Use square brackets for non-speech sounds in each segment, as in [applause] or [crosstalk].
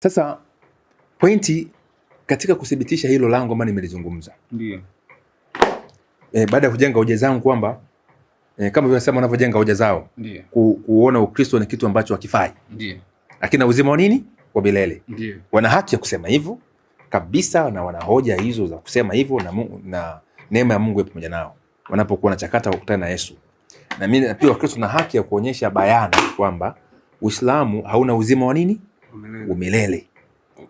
Sasa pointi katika kuthibitisha hilo langu ambalo nimelizungumza ndio e, eh, baada ya kujenga hoja zangu kwamba e, kama vile sema wanavyojenga hoja zao ku, kuona Ukristo ni kitu ambacho hakifai, ndio lakini na uzima wa nini wa milele, wana haki ya kusema hivyo kabisa, na wana hoja hizo za kusema hivyo, na, na neema ya Mungu ipo pamoja nao wanapokuwa na chakata kukutana na Yesu. Na mimi pia Wakristo na haki ya kuonyesha bayana kwamba Uislamu hauna uzima wa nini umelele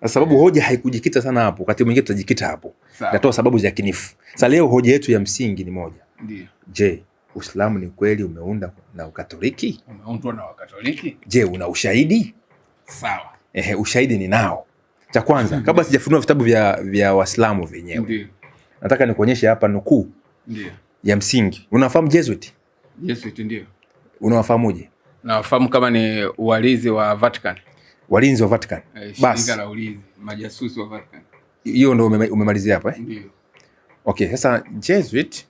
na sababu hoja haikujikita sana hapo, wakati mwingine tutajikita hapo, natoa sababu za kinifu. Sasa leo hoja yetu ya msingi ni moja. Ndiyo. Je, Uislamu ni kweli umeunda na Ukatoliki? Umeundwa na Wakatoliki? Je, una ushahidi? Sawa. Ehe, ushahidi ni nao. Cha kwanza hmm. kabla sijafunua vitabu vya, vya Waislamu vyenyewe. Ndiyo. Nataka nikuonyeshe hapa nukuu. Ndiyo. Ya msingi. Unafahamu Jesuit? Jesuit ndio. Unawafahamuje? Nawafahamu kama ni walizi wa Vatican walinzi wa Vatican. Bas. Eh, shirika la ulinzi, majasusi wa Vatican. Hiyo ndio umemalizia hapo eh? Ndio. Okay, sasa Jesuit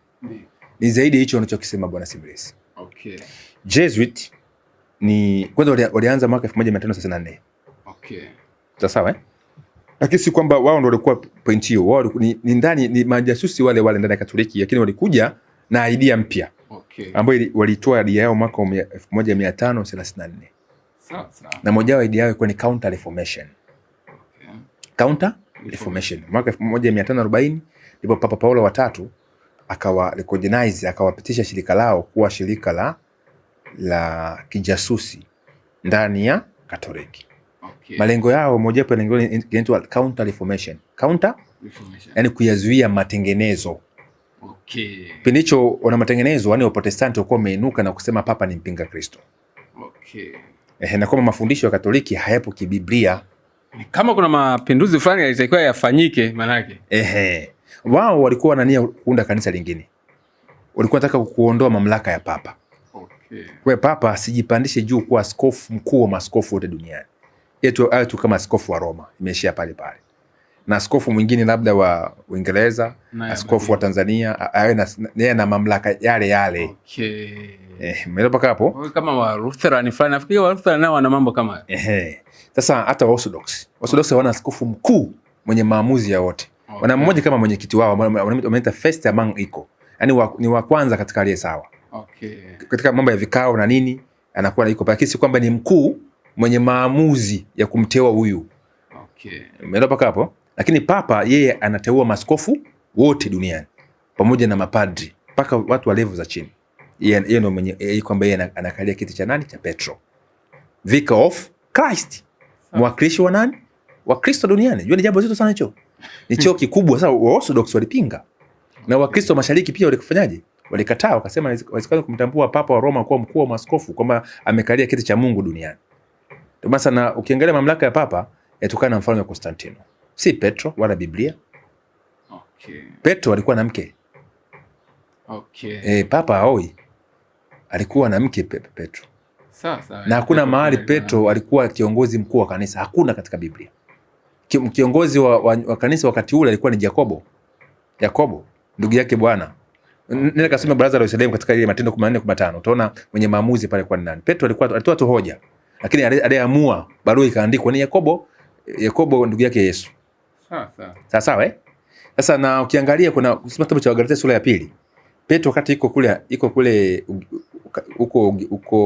ni zaidi hicho unachokisema Bwana Simlis. Okay. Jesuit ni kwanza walianza mwaka 1534. Okay. Sasa Sawa eh? Lakini si kwamba wao ndio walikuwa point hiyo. Wao ni, ni ndani ni majasusi wale wale ndani ya Katoliki lakini walikuja na idea mpya. Okay. Ambayo walitoa idea yao mwaka 1534. Mm. sawa Na moja wa idea yao ilikuwa ni counter reformation. Counter reformation. Mwaka 1540 ndipo Papa Paulo wa tatu akawa recognize akawapitisha shirika lao kuwa shirika la la kijasusi ndani ya Katoliki. Okay. Malengo yao moja wapo lengo inaitwa counter reformation. Counter reformation. Yaani kuyazuia matengenezo. Okay. Kipindi hicho wana matengenezo, yani Waprotestanti walikuwa wameinuka na kusema papa ni mpinga Kristo. Okay eh, na kwamba mafundisho ya Katoliki hayapo kibiblia. Kama kuna mapinduzi fulani yalitakiwa yafanyike, manake ehe, wao walikuwa wanania kuunda kanisa lingine, walikuwa nataka kuondoa mamlaka ya papa okay. Kwa papa asijipandishe juu kuwa askofu mkuu wa maskofu wote duniani, yetu awe tu kama askofu wa Roma, imeishia pale pale na askofu mwingine labda wa Uingereza, askofu wa Tanzania awe na, na, na mamlaka yale yale. Okay. Eh, mpaka hapo? Kama wa Lutheran fulani nafikiri wa Lutheran nao wana mambo kama eh. Sasa hata wa Orthodox. Orthodox wana askofu mkuu mwenye maamuzi ya wote. Okay. Wana mmoja kama mwenyekiti wao wanaita first among equal. Yaani wa, ni wa kwanza katika aliye sawa. Okay. Katika mambo ya vikao na nini anakuwa yuko lakini si kwamba ni mkuu mwenye maamuzi ya kumteua huyu. Okay. Mmeelewa mpaka hapo? Lakini papa yeye anateua maskofu wote duniani pamoja na mapadri mpaka watu wa levu za chini. Yeye ndio mwenye kwamba yeye anakalia kiti cha nani cha Petro, Vicar of Christ, mwakilishi wa nani wa Kristo duniani. Jua ni jambo zito sana hicho, ni cheo kikubwa. Sasa wa Orthodox walipinga na Wakristo wa mashariki pia walikufanyaje? Walikataa, wakasema wawezekana kumtambua papa wa Roma kuwa mkuu wa maskofu kwamba amekalia kiti cha Mungu duniani. Ndio maana ukiangalia mamlaka ya papa yatokana na mfalme wa Konstantino si Petro wala Biblia. Okay. Petro alikuwa na mke. Okay. E, papa aoi alikuwa na mke pe Petro. Sasa, na hakuna mahali Petro alikuwa kiongozi mkuu wa kanisa, hakuna katika Biblia. Kiongozi wa, wa, wa kanisa wakati ule alikuwa ni Jakobo, Yakobo ndugu yake Bwana. Nile kasoma baraza la Yerusalemu katika ile Matendo 14:15 utaona mwenye maamuzi pale kwa nani. Petro alikuwa alitoa tu hoja, lakini aliamua, barua ikaandikwa ni Yakobo, Yakobo ndugu yake Yesu sawa sawa eh? Sasa na ukiangalia kuna kitabu cha Wagalatia sura ya pili, Petro wakati iko kule iko kule huko huko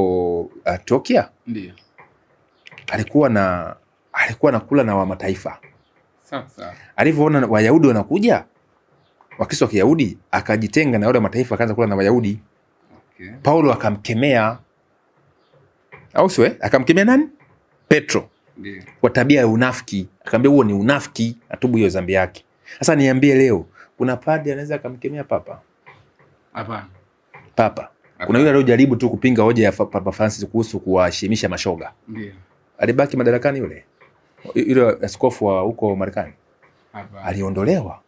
uh, Antiokia, ndio alikuwa na alikuwa nakula na wa mataifa. Sasa alivyoona Wayahudi wanakuja Wakristo wa Kiyahudi, akajitenga na wale wa mataifa, akaanza kula na Wayahudi. Okay. Paulo akamkemea, au sio? Eh? Akamkemea nani? Petro. Kwa tabia ya unafiki. Akaambia huo ni unafiki, atubu hiyo dhambi yake. Sasa niambie leo, kuna padri anaweza akamkemea papa? Hapana. Papa. Kuna yule aliyojaribu tu kupinga hoja ya Papa Francis kuhusu kuwashimisha mashoga. Ndiyo. Alibaki madarakani yule. Yule askofu wa huko Marekani. Hapana. Aliondolewa.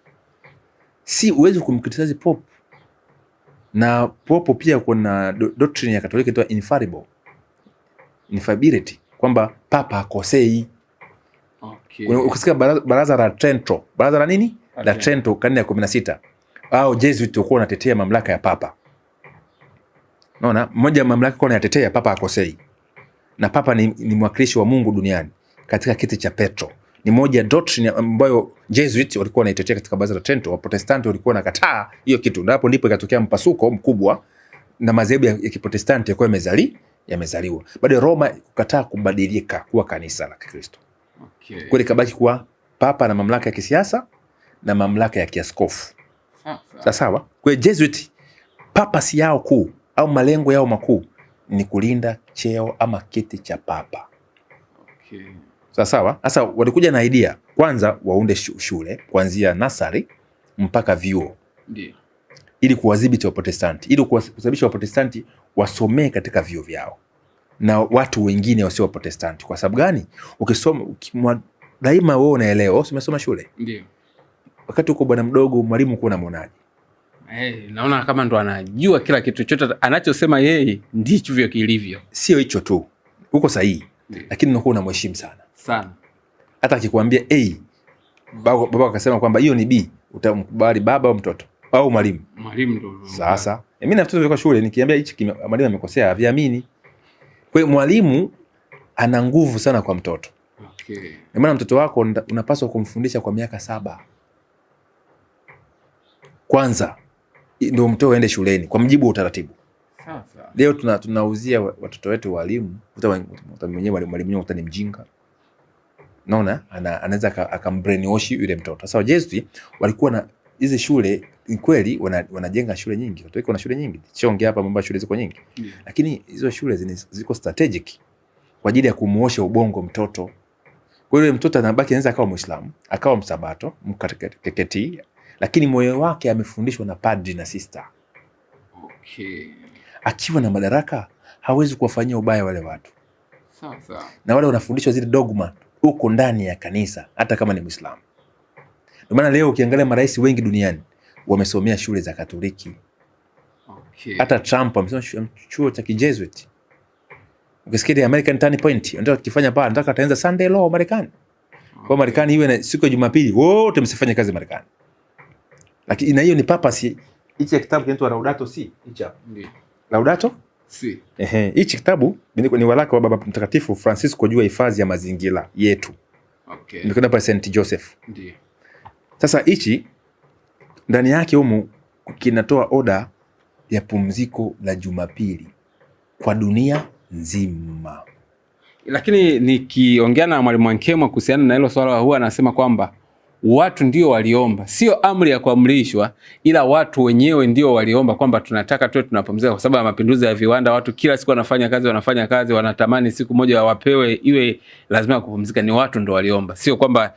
Si uwezi kumkritisize pop. Na popo pia kuna doctrine ya Katoliki inaitwa infallible. Infallibility kwamba papa akosei Okay. Ukisikia baraza, baraza la Trento, baraza la nini? Okay. La Trento karne ya kumi na sita au Jesuit ukuwa unatetea mamlaka ya papa. naona Mmoja mamlaka kwa unayatetea papa akosei Na papa ni, ni mwakilishi wa Mungu duniani katika kiti cha Petro. Ni moja doctrine ambayo Jesuit walikuwa wanaitetea katika baraza la Trento, Waprotestanti walikuwa wanakataa hiyo kitu. Ndipo ndipo ikatokea mpasuko mkubwa na madhehebu ya Kiprotestanti yakuwa yamezali yamezaliwa. bado. Roma kukataa kubadilika kuwa kanisa la Kikristo, okay. Kweli kabaki kuwa papa na mamlaka ya kisiasa na mamlaka ya kiaskofu ah, sawa sawa. Kwa Jesuit papasi yao kuu au malengo yao makuu ni kulinda cheo ama kiti cha papa okay. Sawa sawa. Sasa walikuja na idea kwanza waunde shule kuanzia nasari mpaka vyuo, ndio ili kuwadhibiti Waprotestanti, ili kusababisha Waprotestanti wasomee katika vyuo vyao na watu wengine wasio Waprotestanti. Kwa sababu gani? Ukisoma daima, wewe unaelewa, umesoma shule, ndio wakati uko bwana mdogo, mwalimu kuwa namwonaje? Hey, eh, naona kama ndo anajua kila kitu, chote anachosema yeye ndicho kilivyo. Sio hicho tu, uko sahihi, lakini unakuwa unamheshimu sana sana. Hata akikwambia A, baba akasema kwamba hiyo ni B, utamkubali baba au mtoto? au mwalimu. Mwalimu ndo. Sasa eh, mimi na mtoto shule nikiambia hichi mwalimu amekosea, haviamini. Kwa hiyo mwalimu ana nguvu sana kwa mtoto. Okay. maana mtoto wako unapaswa kumfundisha kwa miaka saba kwanza, ndio mtoto aende shuleni kwa mjibu wa utaratibu. Sasa leo tuna tunauzia watoto wetu walimu, mwenyewe mwalimu ata ni mjinga naona anaweza akambrainwash yule mtoto. Sasa wazazi walikuwa na hizi shule kweli wanajenga wana shule nyingi, watu na shule nyingi, ongea hapa mambo ya shule ziko nyingi yeah. Mm. Lakini hizo shule ziko strategic kwa ajili ya kumuosha ubongo mtoto. Kwa hiyo mtoto anabaki anaweza akawa Muislamu, akawa msabato, mkakeketi, lakini moyo wake amefundishwa na padri na sister. Okay. Akiwa na madaraka hawezi kuwafanyia ubaya wale watu. Sawa sawa. Na wale wanafundishwa zile dogma huko ndani ya kanisa hata kama ni Muislamu. Ndio maana leo ukiangalia marais wengi duniani wamesomea shule za Katoliki. Okay. Hata Trump amesoma chuo cha Jesuit. Ukisikia the American Turning Point, anataka kufanya pale, anataka ataanza Sunday law Marekani. Okay. Kwa Marekani iwe na siku ya Jumapili, wote msifanye kazi Marekani. Lakini na hiyo ni purpose hichi kitabu kinaitwa Laudato Si, hichi hapa. Ndio. Laudato Si. Ehe, hichi kitabu ni waraka wa Baba Mtakatifu Francisco juu ya hifadhi ya mazingira yetu. Okay. kuna pa St Joseph. Ndio. Sasa hichi ndani yake humu kinatoa oda ya pumziko la Jumapili kwa dunia nzima. Lakini nikiongea na Mwalimu Ankemwa kuhusiana na hilo swala, huwa anasema kwamba watu ndio waliomba, sio amri ya kuamrishwa, ila watu wenyewe ndio waliomba kwamba tunataka tuwe tunapumzika, kwa sababu ya mapinduzi ya viwanda. Watu kila siku wanafanya kazi, wanafanya kazi, wanatamani siku moja wapewe iwe lazima ya kupumzika. Ni watu ndio waliomba, sio kwamba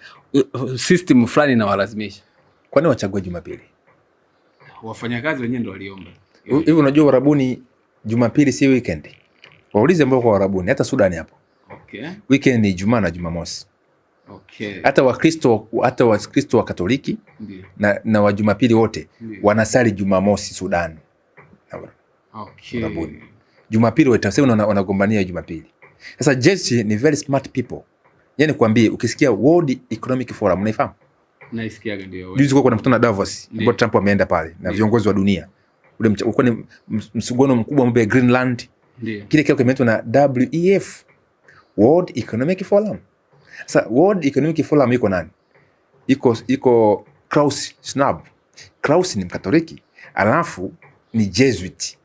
system fulani inawalazimisha. Kwani wachague Jumapili? Wafanyakazi wenyewe ndo waliomba hivi. Unajua warabuni Jumapili si weekend, waulize ambao kwa warabuni hata Sudani hapo okay. Weekend ni Jumaa na Jumamosi okay. Hata Wakristo hata Wakristo wa Katoliki Ndi. na, na wa Jumapili wote Ndi. wanasali Jumamosi Sudani okay. Jumapili wote wanagombania Jumapili. Sasa jeshi ni very smart people Yani kuambie ukisikia World Economic Forum unaifahamu? Naisikiaga ndio. Juzi kuna mkutano na Davos ambapo Trump ameenda pale na viongozi wa dunia. Ule ulikuwa ni msuguano mkubwa mambo Greenland. Ndio. Kile kile kimeitwa na WEF. World Economic Forum. Sasa World Economic Forum iko nani? Iko iko Klaus Schwab. Klaus ni Mkatoliki, alafu ni Jesuit.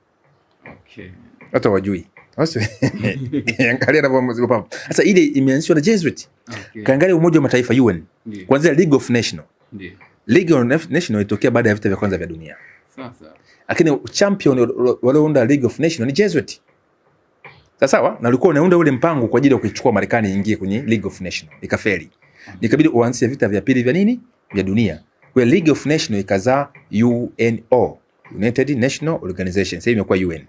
Okay. Watu wajui [laughs] Angalia anavyomzima papa. Sasa ile imeanzishwa na Jesuit. Okay. Kaangalia Umoja wa Mataifa UN. Yeah. Kwanza League of Nations. Ndio. League of Nations ilitokea baada ya vita vya kwanza vya dunia. Sasa. Lakini champion waliounda League of Nations ni Jesuit. Sasa sawa? Na ulikuwa unaunda ule mpango kwa ajili ya kuichukua Marekani iingie kwenye League of Nations. Ikafeli. Nikabidi uanzishe vita vya pili vya nini? Vya dunia. Kwa League of Nations ikazaa UNO. United National Organization. Sasa imekuwa UN.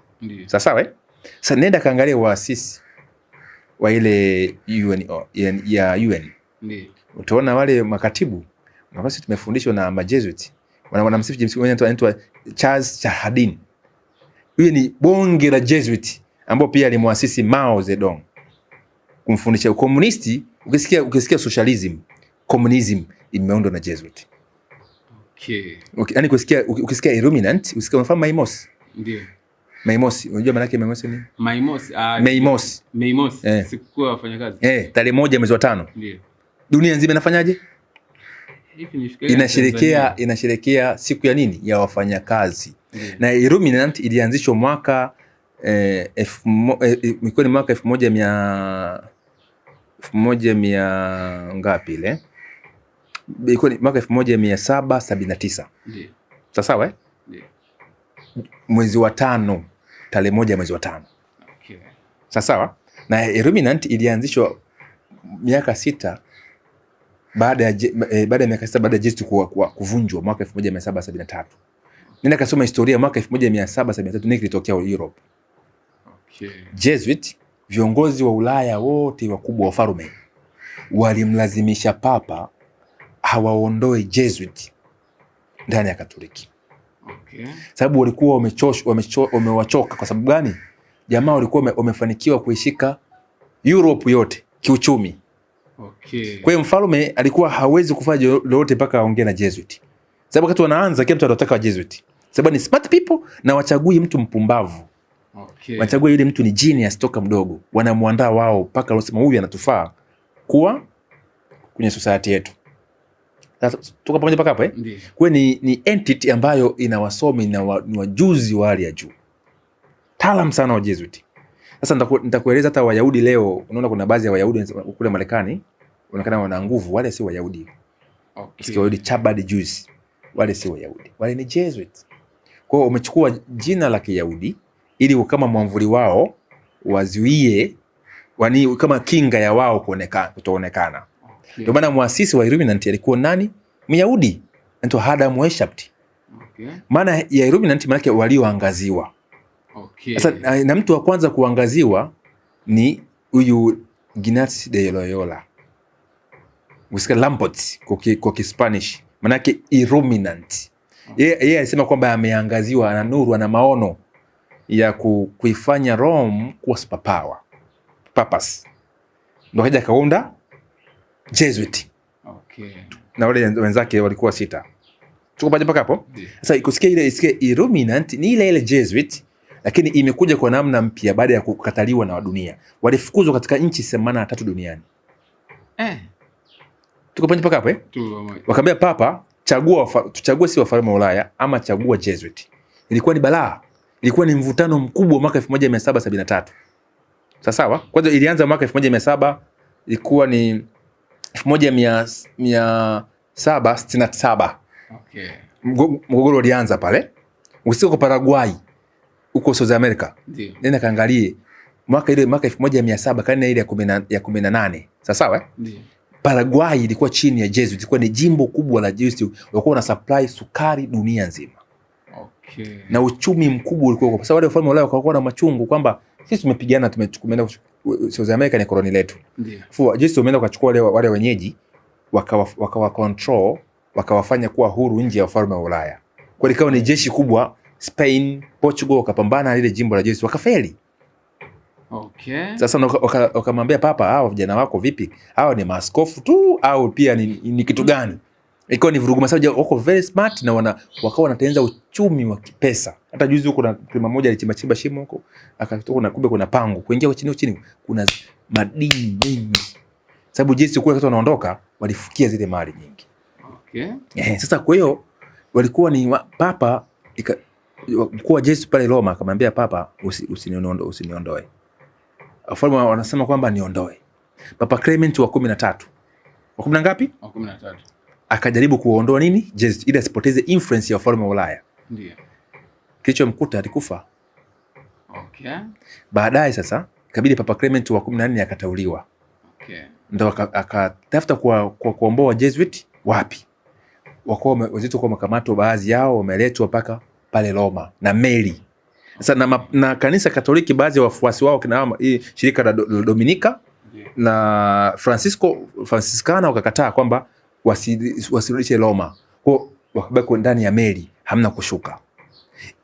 Sasa sawa eh? Sasa nenda kaangalia waasisi wa ile UN, ya UN. Ndio. Utaona wale makatibu nafasi tumefundishwa na majesuit wana, wanamsifu James Mwenye anaitwa Charles Chahadin. Huyu ni bonge la Jesuit ambao pia alimwasisi Mao Zedong kumfundisha ukomunisti. Ukisikia, ukisikia socialism, communism imeundwa na Jesuit. Okay. Okay, yani ukisikia, ukisikia Illuminant, ukisikia mfano Maimos. Ndio. Maimosi, unajua maana yake Maimosi ni? Maimosi, ah, Maimosi. Maimosi, eh. Sikuwa ya wafanyakazi. Eh, tarehe moja mwezi wa tano. Ndio. Dunia nzima inafanyaje? Inasherekea inasherekea siku ya nini? Ya wafanyakazi. Na Illuminant ilianzishwa mwaka eh, elfu eh, eh mwaka elfu moja mia elfu moja mia ngapi ile? Ilikuwa ni mwaka elfu moja mia saba sabini na tisa. Ndio. sawa eh? mwezi wa tano tarehe moja mwezi wa tano okay. sawa na Iluminati ilianzishwa miaka sita baada ya e, baada ya miaka sita baada ya Yesu kuvunjwa mwaka 1773. Nenda kasoma historia mwaka 1773 nini kilitokea Europe. Okay. Jesuit viongozi wa Ulaya wote wakubwa farume walimlazimisha papa hawaondoe Jesuit ndani ya Katoliki okay. Sababu walikuwa wamewachoka kwa sababu gani? Jamaa walikuwa wamefanikiwa kuishika Europe yote kiuchumi okay. Kwa hiyo mfalme alikuwa hawezi kufanya lolote mpaka aongee na Jesuit, sababu wakati wanaanza kila mtu anataka wa Jesuit, sababu ni smart people na wachagui mtu mpumbavu okay. Wachagua yule mtu ni genius toka mdogo, wanamwandaa wao mpaka losema huyu anatufaa kuwa kwenye society yetu. Toka pamoja mpaka hapa eh? Kwa ni, ni entity ambayo ina wasomi na wa, ni wajuzi wa hali ya juu talam sana wa Jesuit. Sasa nitakueleza hata Wayahudi leo, unaona kuna baadhi ya Wayahudi kule Marekani wanaonekana wana nguvu, wale si Wayahudi. Okay. Sikio Wayahudi Chabad Jews. Wale si Wayahudi. Wale ni Jesuit. Kwa hiyo umechukua jina la Kiyahudi ili kama mwamvuli wao wazuie, wani kama kinga ya wao kuonekana kutoonekana ndio maana mwasisi wa Illuminati alikuwa nani? Myahudi anaitwa Adam Weishaupt. Okay. Maana ya Illuminati maana yake walioangaziwa. Okay. Sasa na mtu wa kwanza kuangaziwa ni huyu Ignatius de Loyola. Usika Lampot kwa Kispanish. Maana yake Illuminati. Yeye okay. alisema kwamba ameangaziwa ana nuru ana maono ya ku, kuifanya Rome kuwa superpower. Papas. Ndio kaja kaunda Jesuit. Okay. Na wale wenzake walikuwa sita. Tukupaje mpaka hapo? Sasa ikusikia ile isikie Illuminati ni ile ile Jesuit lakini imekuja kwa namna mpya baada ya kukataliwa na wadunia. Walifukuzwa katika nchi themanini na tatu duniani. Eh. Tukupaje mpaka hapo eh? Wakaambia papa chagua wafa, tuchague si wafalme wa Ulaya ama chagua Jesuit. Ilikuwa ni balaa. Ilikuwa ni mvutano mkubwa mwaka 1773. Sawa sawa? Kwanza ilianza mwaka 1700 ilikuwa ni elfu moja mia, mia saba sitini na saba okay. Mgogoro ulianza pale usiku Paraguay huko South America, nenda kaangalie mwaka ile mwaka elfu moja mia saba karne ile ya kumi na ya kumi na nane sawasawa eh? Paraguay ilikuwa chini ya Jesuit, ilikuwa ni jimbo kubwa la Jesuit, walikuwa na supply sukari dunia nzima okay. na uchumi mkubwa ulikuwa kwa sababu wale wafalme Ulaya walikuwa na machungu kwamba sisi tumepigana tumeenda South America ni koloni letu. Ndio. Jinsi umeenda kuchukua wale, wale wenyeji wakawa wakawa control wakawafanya kuwa huru nje ya ufalme wa Ulaya. Kwa likawa ni jeshi kubwa Spain, Portugal wakapambana na lile jimbo la Jesu wakafeli. Okay. Sasa wakamwambia waka, waka papa, hao vijana wako vipi? Hao ni maaskofu tu au pia ni, ni kitu gani? ikiwa ni vurugu masaja, wako very smart na wana wakawa wanatengeneza uchumi wa kipesa. Hata juzi huko na prima moja alichimba chimba shimo huko, akatoka na kumbe kuna pango kuingia kwa chini chini, kuna madini mengi, sababu jinsi kule watu wanaondoka walifukia zile mali nyingi. Okay. Eh, sasa kwa hiyo walikuwa ni wa, papa mkuu wa jeshi pale Roma akamwambia papa usiniondoe, usi usiniondoe. afalme wanasema kwamba niondoe. Papa Clement wa kumi na tatu wa kumi na ngapi? Wa kumi na tatu akajaribu kuondoa nini Jezebeli ili asipoteze influence ya ufalme wa Ulaya. Ndio kilichomkuta alikufa. Okay. Baadaye sasa ikabidi Papa Clement wa 14 akatauliwa. Okay. Ndio akatafuta Okay. kwa kuomboa wa Jesuit wapi, wakawa wazito kwa makamato, baadhi yao wameletwa paka pale Roma na meli sasa na, na kanisa Katoliki baadhi ya wafuasi wao kina shirika la Dominika yeah, na Francisco Franciscana wakakataa kwamba wasirudishe Roma, kwao wakabaki ndani ya meli, hamna kushuka.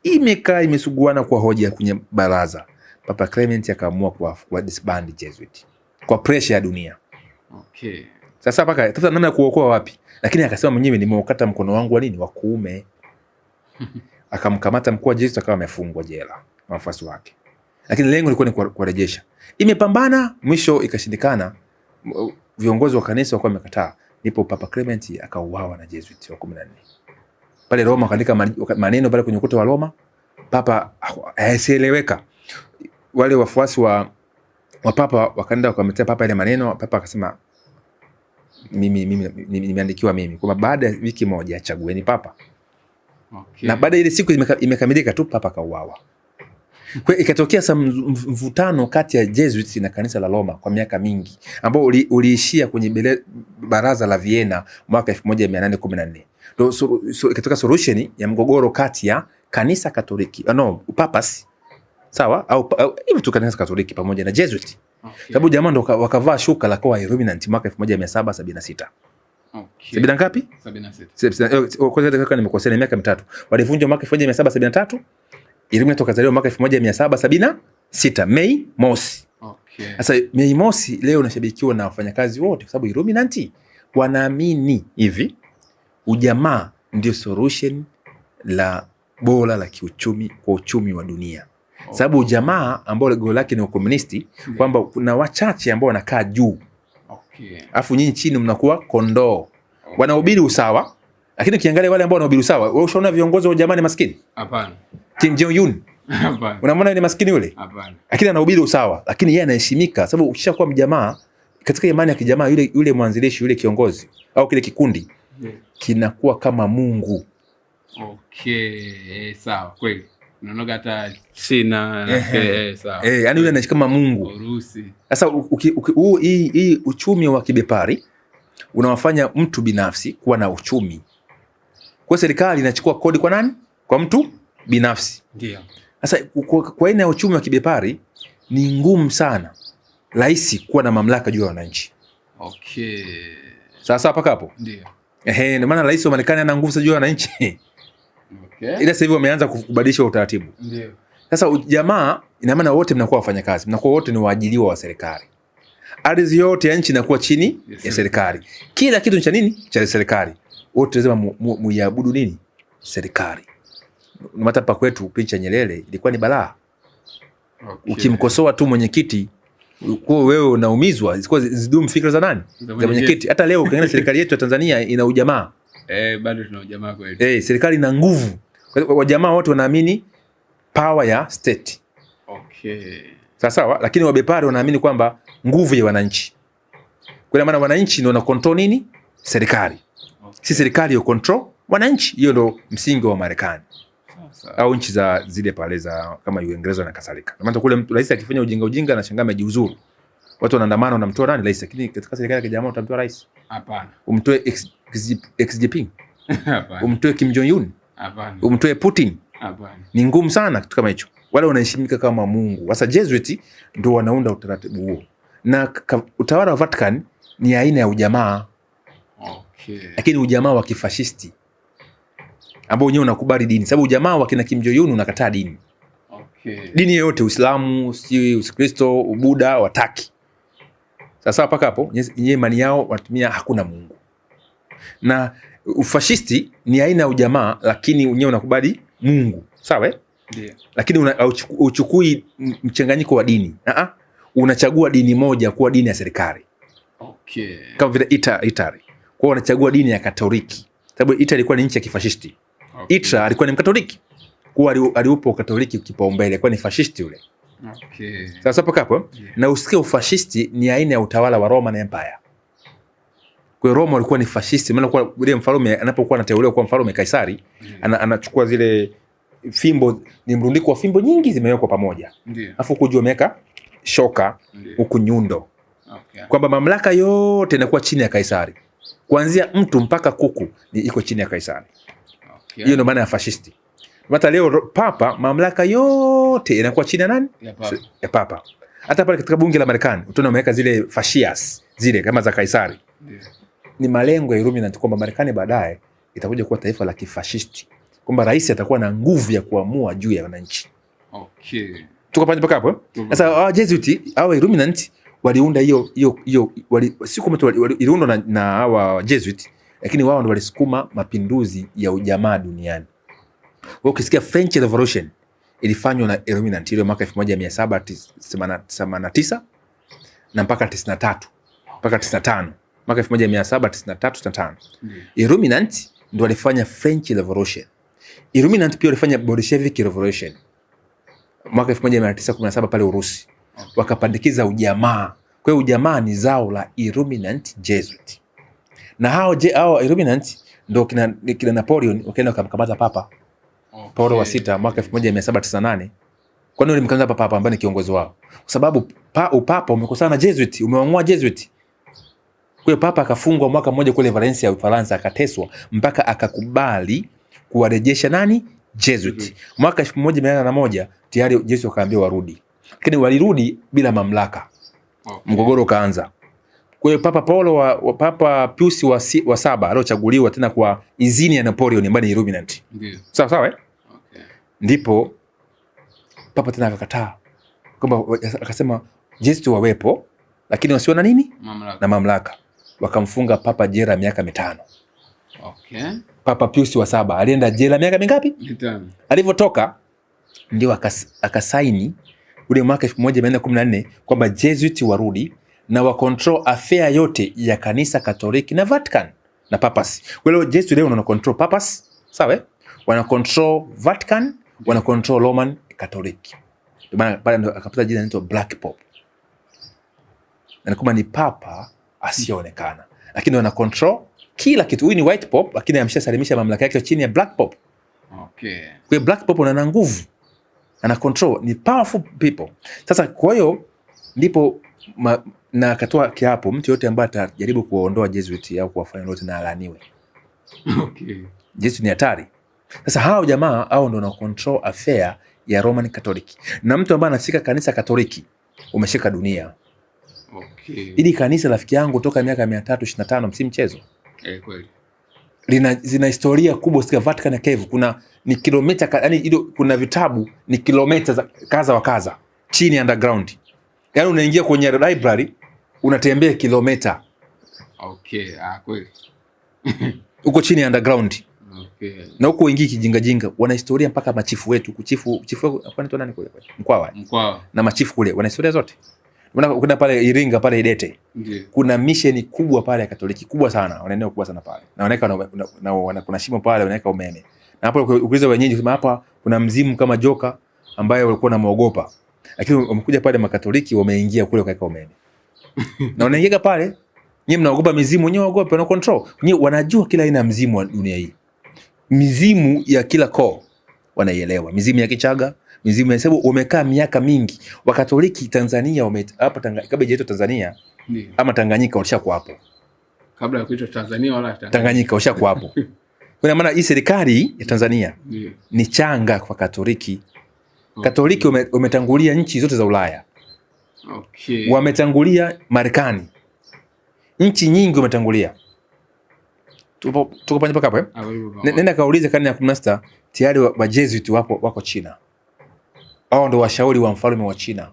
Imekaa imesuguana kwa hoja kwenye baraza. Papa Clement akaamua kuwa disband Jesuit kwa pressure ya dunia. Okay. Sasa paka tafuta namna ya kuokoa wapi, lakini akasema mwenyewe, nimeukata mkono wangu wa nini wa kuume. [laughs] Akamkamata mkuu wa Jesuit akawa amefungwa jela na wafuasi wake, lakini lengo lilikuwa ni kuwarejesha. Imepambana, mwisho ikashindikana, viongozi wa kanisa wakawa wamekataa ndipo Papa Clement akauawa na Jesuit wa kumi na nne pale Roma. Wakaandika maneno pale kwenye ukuta wa Roma, papa asieleweka. Wale wafuasi wa, wa papa wakaenda wakamletea papa ile maneno, papa akasema mimi nimeandikiwa mimi, mimi, baada ya wiki moja chagueni papa okay. Na baada ile siku imekamilika tu papa akauawa. Kwa ikatokea sa mvutano kati ya Jesuits na kanisa la Roma kwa miaka mingi ambao uli, uliishia kwenye baraza la Vienna mwaka 1814. Ndio so, so, ikatokea solution ya mgogoro kati ya kanisa Katoliki, uh, no, papas sawa au hivyo tu kanisa Katoliki pamoja na Jesuit. Okay. Sababu jamaa ndo wakavaa shuka la eh, kwa Illuminati mwaka 1776. Okay. Sabini ngapi? 76. Nimekosea miaka mitatu. Walivunjwa mwaka elfu moja mia saba sabini na 1773 elimu inatokazaliwa mwaka elfu moja mia saba sabini na sita Mei Mosi. Sasa okay. Mei Mosi leo unashabikiwa na wafanyakazi wote kwa sababu Iluminati wanaamini hivi ujamaa ndio solution la bora la kiuchumi kwa uchumi wa dunia okay. Oh. Sababu ujamaa ambao lengo lake ni ukomunisti okay. Hmm. Kwamba kuna wachache ambao wanakaa juu alafu okay. Nyinyi chini mnakuwa kondoo okay. Wanahubiri usawa, lakini ukiangalia wale ambao wanahubiri usawa, wewe ushaona viongozi wa ujamaa ni maskini? Hapana. Kim Jong Un. Hapana. Unamwona maskini yule? Hapana. Lakini anahubiri usawa, lakini yeye anaheshimika sababu ukishakuwa mjamaa katika imani ya kijamaa yule yule mwanzilishi yule kiongozi au kile kikundi yeah, kinakuwa kama Mungu. Okay, eh, sawa kweli. Unaona hata China na eh, sawa. Eh, yani yule anaishi kama Mungu. Urusi. Sasa huu hii hii uchumi wa kibepari unawafanya mtu binafsi kuwa na uchumi. Kwa serikali inachukua kodi kwa nani? Kwa mtu binafsi. Ndio. Sasa kwa aina ya uchumi wa kibepari ni ngumu sana rahisi kuwa na mamlaka juu ya wananchi. Okay. Sasa hapa kapo. Ndio. maana rais wa Marekani ana nguvu sana juu ya wananchi. Okay. Ila sasa hivi wameanza kubadilisha utaratibu. Ndio. Sasa jamaa ina maana wote mnakuwa wafanyakazi, mnakuwa wote ni waajiliwa wa serikali. Ardhi yote ya nchi inakuwa chini yes, ya serikali. Kila kitu ni cha nini? Cha serikali. Wote lazima muiabudu nini? Serikali hata pa kwetu kipindi cha Nyerere ilikuwa ni balaa. Okay. Ukimkosoa tu mwenyekiti kwa wewe unaumizwa, zikuwa zidum fikra za nani? Za mwenyekiti. Hata leo ukiangalia serikali yetu ya Tanzania ina ujamaa eh, bado tuna ujamaa kweli eh, serikali ina nguvu, wajamaa wote wanaamini power ya state. Okay. Sawa, lakini wabepari wanaamini kwamba nguvu ya wananchi, kwa maana wananchi ndio wanakontrol nini serikali. Okay. Si serikali yo control wananchi, hiyo ndio msingi wa Marekani au nchi za zile pale za kama Uingereza na kadhalika. Maana kule mtu rais akifanya ujinga ujinga na anashangaa amejiuzuru. Watu wanaandamana, wanamtoa nani rais, lakini katika serikali ya kijamaa utamtoa rais? Hapana. Umtoe ex ex Jinping? Hapana. Umtoe Kim Jong Un? Hapana. Umtoe Putin? Hapana. Ni ngumu sana kitu kama hicho. Wale wanaheshimika kama Mungu. Sasa Jesuit ndio wanaunda utaratibu huo. Na utawala wa Vatican ni aina ya ujamaa. Okay. Lakini ujamaa wa kifashisti ambao wenyewe unakubali dini, sababu jamaa wakina Kim Jong Un unakataa dini okay. Dini yoyote Uislamu, si Ukristo, Ubuda wataki. Sasa mpaka hapo yeye imani yao wanatumia hakuna Mungu, na ufashisti ni aina ya ujamaa, lakini wenyewe unakubali Mungu sawa, eh? yeah. Lakini una, uchukui mchanganyiko wa dini uh -huh. Unachagua dini moja kuwa dini ya serikali okay. Kama vile Italy kwa wanachagua dini ya Katoliki sababu Italy ilikuwa ni nchi ya kifashisti okay. Hitler alikuwa ni Mkatoliki, kwa aliupo Katoliki kipaumbele, kwa ni fashisti yule. Okay. Sasa hapo kapo yeah. Na usikie ufashisti ni aina ya utawala wa Roman Empire. Kwa Roma walikuwa ni fashisti, maana kwa ile mfalme anapokuwa anateuliwa kuwa mfalme Kaisari yeah. anachukua Ana, zile fimbo, ni mrundiko wa fimbo nyingi zimewekwa pamoja yeah. Afu kujua umeweka shoka huku yeah. Nyundo okay. Kwamba mamlaka yote inakuwa chini ya Kaisari, kuanzia mtu mpaka kuku ni iko chini ya Kaisari hiyo yeah. Ndio maana ya fashisti. Hata leo papa mamlaka yote inakuwa chini ya nani? Ya papa. Hata pale katika bunge la Marekani utaona wameweka zile fascias zile kama za Kaisari. Yeah. Ni malengo ya Irumi na kwamba Marekani baadaye itakuja kuwa taifa la kifashisti, kwamba rais atakuwa na nguvu ya kuamua juu ya wananchi. Okay. Tuko pamoja mpaka hapo? Eh? Mm-hmm. Sasa hawa Jesuit, hawa Illuminati waliunda hiyo hiyo hiyo wali, si kama waliundwa na hawa Jesuit lakini wao ndio walisukuma mapinduzi ya ujamaa duniani. Wewe ukisikia French Revolution ilifanywa na Illuminati ile mwaka 1789 na mpaka 93 mpaka 95 mwaka 1793 95 mm. Illuminati ndio walifanya French Revolution. Illuminati pia walifanya Bolshevik Revolution mwaka 1917 pale Urusi, wakapandikiza ujamaa. Kwa hiyo ujamaa ni zao la Illuminati Jesuit na hao je, hao Illuminati ndo kina, kina Napoleon wakaenda wakamkamata Papa okay. Paulo wa sita mwaka 1798 kwa nini ulimkamata Papa ambaye ni kiongozi wao, kwa sababu pa, upapa umekosana na Jesuit, umewangua Jesuit. Kwa hiyo Papa akafungwa mwaka mmoja kule Valencia ya Ufaransa, akateswa mpaka akakubali kuwarejesha nani Jesuit. mm -hmm. Mwaka 1801 tayari Jesuit wakaambiwa warudi, lakini walirudi bila mamlaka okay. Mgogoro ukaanza kwa hiyo Papa Paulo wa, wa Papa Pius wa, si, wa saba aliochaguliwa tena kwa idhini ya Napoleon ambaye ni Illuminati. Ndio. Sawa sawa eh? Okay. Ndipo Papa tena akakataa. Kwamba akasema tu wawepo lakini wasio na nini? Mamlaka. Na mamlaka. Wakamfunga Papa jela miaka mitano. Okay. Papa Pius wa saba alienda jela miaka mingapi? Mitano. Alivyotoka ndio akasaini ule mwaka 1814 kwamba Jesuit warudi na wa control afea yote ya kanisa Katoliki na Vatican na papas. Kwa hiyo Jesus leo wana control papas, sawa? eh? Wana control Vatican, wana control Roman Catholic. Kwa maana pale ndo akapata jina linaloitwa Black Pope. Na kama ni papa asiyeonekana, lakini wana control kila kitu. Huyu ni White Pope, lakini ameshasalimisha mamlaka yake chini ya Black Pope. Okay. Kwa hiyo Black Pope ana nguvu. Ana control, ni powerful people. Sasa kwa hiyo ndipo ma, na akatoa kiapo, mtu yote ambaye atajaribu kuwaondoa Jesuit au kuwafanya lolote na alaniwe. Okay. Jesuit ni hatari. Sasa hao jamaa hao ndio na control affair ya Roman Catholic, na mtu ambaye anashika kanisa Katoliki umeshika dunia. Okay. Ili kanisa rafiki yangu toka miaka 325 tatu mchezo eh, kweli lina zina historia kubwa sika Vatican na Cave kuna ni kilomita yani, kuna vitabu ni kilomita za kaza wa kaza chini underground Mm yani unaingia kwenye library unatembea kilomita okay, ah, kweli [laughs] uko chini ya underground okay. Na huko wengi kijinga jinga wana historia mpaka machifu wetu kuchifu chifu anaitwa nani kule Mkwawa. Mkwawa na machifu kule wana historia zote. Kuna pale Iringa pale Idete yeah. Kuna mission kubwa pale ya Katoliki kubwa sana, wana eneo kubwa sana pale na wanaweka na, na, kuna shimo pale wanaweka umeme na hapo, ukiuliza wenyeji sema hapa kuna mzimu kama joka ambaye walikuwa wanamwogopa lakini wamekuja pale Makatoliki wameingia kule wakaweka umeme na wanaingia pale. Nyie mnaogopa mizimu, wenyewe waogope na control nyie, wanajua kila aina ya mzimu wa dunia hii, mizimu ya kila koo wanaielewa, mizimu ya Kichaga, mizimu ya sababu wamekaa miaka mingi. Wakatoliki Tanzania wame hapa Tanga, kabla haijaitwa Tanzania Ndiyo. ama Tanganyika walishakuwa hapo kabla ya kuitwa Tanzania wala Tanganyika walishakuwa hapo. [laughs] Kwa maana hii serikali ya Tanzania Ndiyo. ni changa kwa Katoliki. Katoliki ume, umetangulia nchi zote za Ulaya okay. Wametangulia Marekani, nchi nyingi wametangulia. Tuko pande pakapo eh? Ah, nenda kaulize karne ya kumnasta tayari wa Jesuit wako, wako China. Hao ndo washauri wa mfalme wa China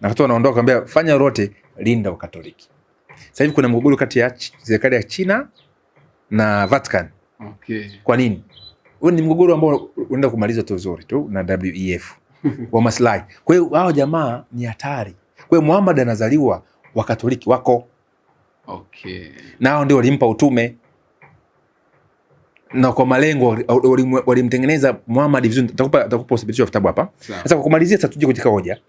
na watu wanaondoka kwambia fanya lolote, linda Wakatoliki. Sasa hivi kuna mgogoro kati ya serikali ya China na Vatican okay. Kwa nini? ni mgogoro ambao unaenda kumaliza tu tozori tu na WEF wa maslahi. Kwa hiyo hao jamaa ni hatari. Kwa hiyo Muhammad anazaliwa wakatoliki wako okay. Nao ndio walimpa utume na kwa malengo walimtengeneza wali, wali Muhammad vizuri. Takupa uthibitisho wa kitabu hapa. Sasa kwa kumalizia, sasa tuje katika hoja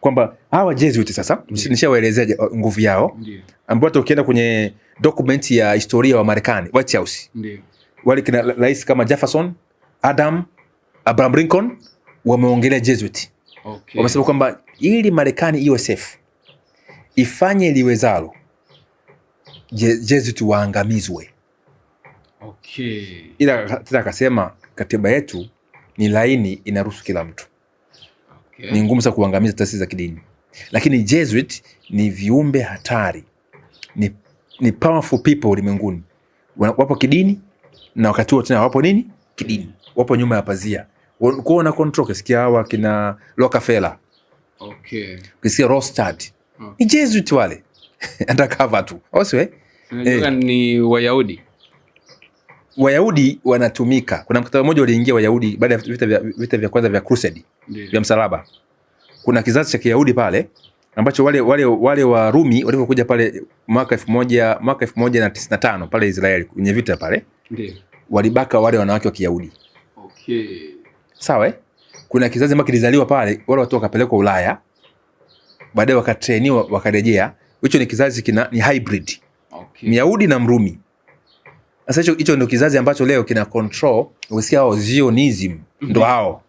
kwamba hawa Jesuit sasa, nishawaelezea nguvu yao, ambapo hata ukienda kwenye dokumenti ya historia wa Marekani, White House, ndio wale kina rais kama Jefferson Adam Abraham Lincoln wameongelea Jesuit. Okay. Wamesema kwamba ili Marekani iwe safe ifanye liwezalo Je Jesuit waangamizwe. Okay. Ila tena akasema katiba yetu ni laini, inaruhusu kila mtu. Okay. Ni ngumu sana kuangamiza taasisi za kidini, lakini Jesuit ni viumbe hatari, ni, ni powerful people ulimwenguni, wapo kidini na wakati huo tena wapo nini kidini wapo nyuma ya pazia kwao, una control. Ukisikia hawa kina Lokafela, okay, ukisikia Rostad okay. ni Jesuit wale undercover [laughs] tu au sio? Eh? eh, ni Wayahudi Wayahudi wanatumika. Kuna mkataba mmoja waliingia Wayahudi baada ya vita vya, vita vya kwanza vya crusade vya msalaba. Kuna kizazi cha Kiyahudi pale ambacho wale, wale, wale wa Rumi walipokuja pale mwaka elfu moja mwaka elfu moja na tisini na tano pale Israeli kwenye vita pale, Ndiyo. walibaka wale wanawake wa Kiyahudi Okay. Sawa eh? Kuna kizazi ambacho kilizaliwa pale, wale watu wakapelekwa Ulaya, baadaye wakatrainiwa wakarejea. Hicho ni kizazi kina ni hybrid. Okay. Myahudi na Mrumi. Sasa hicho hicho ndio kizazi ambacho leo kina control, usikia hao Zionism ndo hao.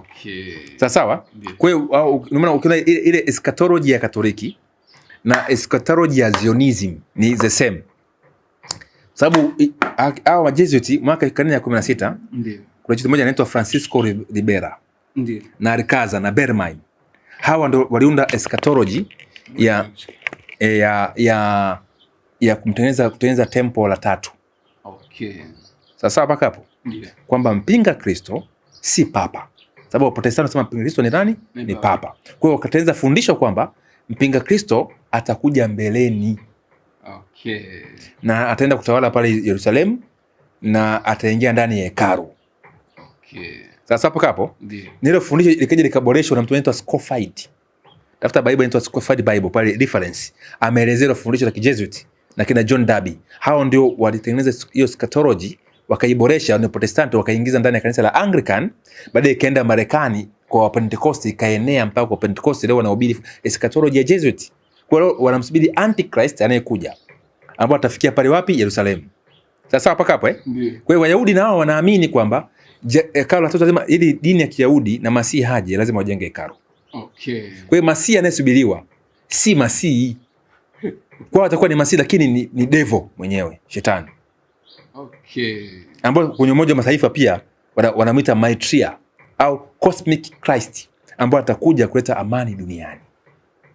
Okay. Sasa sawa? Kwa hiyo maana ukiona ile ile eschatology ya Katoliki na eschatology ya Zionism ni the same. Sababu hao majesuit mwaka 1916 ndio kuna mchezaji mmoja anaitwa Francisco Ribera Ndiyo. na Arikaza na Bermain, hawa ndo waliunda eschatology ya, eh, ya, ya, ya kumtengeneza kutengeneza tempo la tatu. Okay. Sasa hapa hapo kwamba mpinga Kristo si papa, sababu Protestant wanasema mpinga Kristo ni nani? Ni, ni papa. Kwa hiyo wakatengeneza fundisho kwamba mpinga Kristo atakuja mbeleni. Okay. na ataenda kutawala pale Yerusalemu na ataingia ndani ya hekalu Yeah. Sasa hapo kapo nilo fundisho likaja likaboreshwa na mtu anaitwa Scofield. Tafuta Bible inaitwa Scofield Bible pale reference. Ameelezea fundisho la na kina John Darby. Hao ndio walitengeneza hiyo eschatology wakaiboresha na Protestant wakaingiza ndani ya kanisa la Anglican, baadaye ikaenda Marekani kwa ikaenea mpaka kwa leo wanahubiri eschatology ya Jesuit. Kwa hiyo wanamsubiri Antichrist anayekuja atafikia pale wapi? Yerusalemu. Sasa hapa kapo eh? Kwa hiyo Wayahudi nao wanaamini kwamba hekalu la tatu lazima, ili dini ya Kiyahudi na Masihi haje lazima wajenge hekalu. Okay. Kwa hiyo Masihi anayesubiriwa si Masihi kwa atakuwa ni Masihi lakini ni, ni devil mwenyewe shetani. Okay. Ambao kwenye Umoja wa Mataifa pia wanamwita Maitreya au Cosmic Christ ambayo atakuja kuleta amani duniani.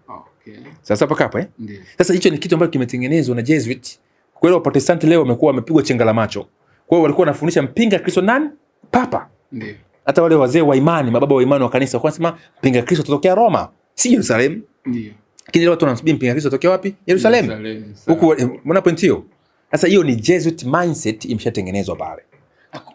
Okay. Sasa mpaka hapa eh? Ndiyo. Sasa hicho ni kitu ambacho kimetengenezwa na Jesuit. Kwa hiyo Protestant leo wamekuwa wamepigwa chenga la macho. Kwa hiyo walikuwa wanafundisha mpinga Kristo nani? papa. ndio Hata wale wazee wa imani, mababa wa imani wa kanisa kwa sema mpinga Kristo tutokea Roma, si Yerusalemu. ndio kile watu wanasubiri mpinga Kristo tutokea wapi? Yerusalemu. huko mbona point hiyo? Sasa hiyo ni Jesuit mindset imeshatengenezwa pale.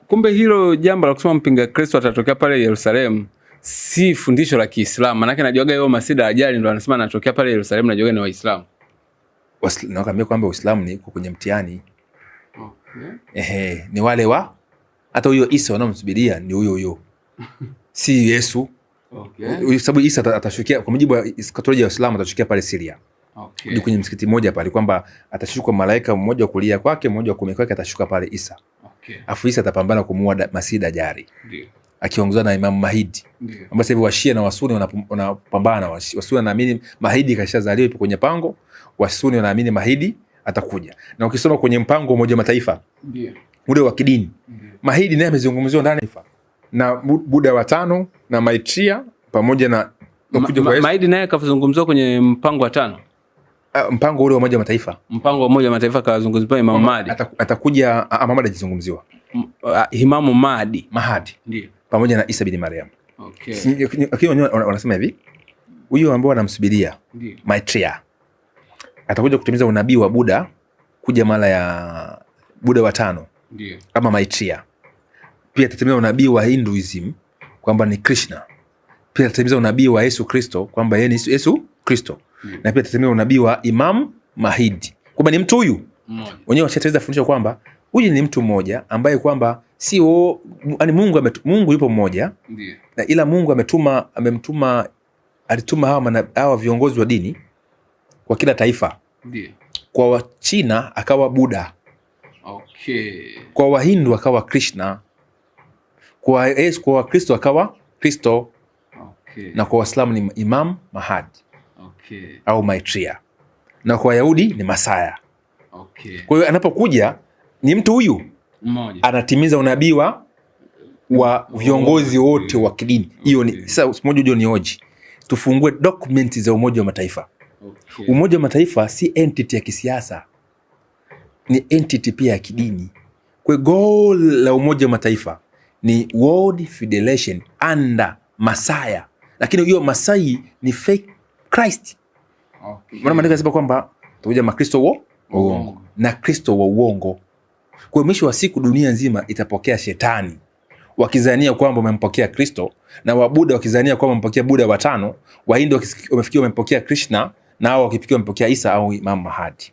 Kumbe hilo jambo la kusema mpinga Kristo atatokea pale Yerusalemu si fundisho la Kiislamu. Maana najuaga hiyo masida ajali ndo anasema anatokea pale Yerusalemu, najuaga ni Waislamu. Nakwambia kwamba Uislamu ni uko kwenye mtihani. Okay. Oh, Ehe, ni wale wa hata huyo Isa wanaomsubiria ni huyo huyo, [laughs] si Yesu. Okay. Sababu Isa atashukia kwa mujibu wa katolojia ya Uislamu atashukia pale Siria. Okay. Ni Kwenye msikiti mmoja pale kwamba atashuka malaika mmoja wa kulia kwake, mmoja wa kuume kwake atashuka pale Isa. Okay. Afu Isa atapambana kumuua Masih Dajari. Ndio. Akiongozwa na Imam Mahidi. Ndio. Ambapo sasa hivi Washia na Wasuni wanapambana. Wasuni wanaamini Mahdi kashazaliwa ipo kwenye pango, Wasuni wanaamini Mahidi atakuja. Na ukisoma kwenye mpango wa Umoja wa Mataifa. Ndio. Ule wa kidini. Ndio. Mahidi naye amezungumziwa ndani na Buda watano na Maitria pamoja na ma, ma, Mahidi naye kafuzungumziwa kwenye mpango wa tano ah, mpango ule wa Umoja wa Mataifa, mpango wa Umoja wa Mataifa kazungumziwa ah, Imam Mahdi atakuja, Mahdi ajizungumziwa ah, Imam Mahdi Mahdi ndio pamoja na Isa bin Maryam. Okay, lakini wanasema hivi, huyo ambao anamsubiria Maitria atakuja kutimiza unabii wa Buda kuja mara ya Buda watano ndio ama Maitria pia atatimiza unabii wa Hinduism kwamba ni Krishna. Pia atatimiza unabii wa Yesu Kristo kwamba yeye ni Yesu Kristo. Mm. Na pia atatimiza unabii wa Imam Mahidi kwamba ni mtu huyu wenyewe washataweza fundisha kwamba huyu ni mtu mmoja ambaye kwamba o, ani Mungu Mungu yupo mmoja na ila Mungu ametuma amemtuma alituma hawa, hawa viongozi wa dini kwa kila taifa. Ndiye. Kwa Wachina akawa Buda. Okay. Kwa Wahindu akawa Krishna kwa Kristo akawa Kristo okay. na kwa Waislamu ni Imam mahad okay. au Maitria na kwa Wayahudi ni Masaya okay. kwa hiyo anapokuja ni mtu huyu mmoja anatimiza unabii wa wa viongozi wote wa kidini hiyo. Okay. Ni sasa mmoja ndio nioji tufungue document za Umoja wa Mataifa. Okay. Umoja wa Mataifa si entity ya kisiasa, ni entity pia ya kidini. Kwa goal la Umoja wa Mataifa ni World Federation under Masaya, lakini hiyo Masai ni fake Christ. Okay. Mwana maandiko yanasema kwamba tutakuja makristo wa uongo na kristo wa uongo. Kwa mwisho wa siku dunia nzima itapokea shetani wakizania kwamba wamempokea Kristo na Wabuda wakizania kwamba wamempokea Buda watano, Wahindi wamefikia wamempokea Krishna na hao wakifikia wamempokea Isa au Imam Mahadi.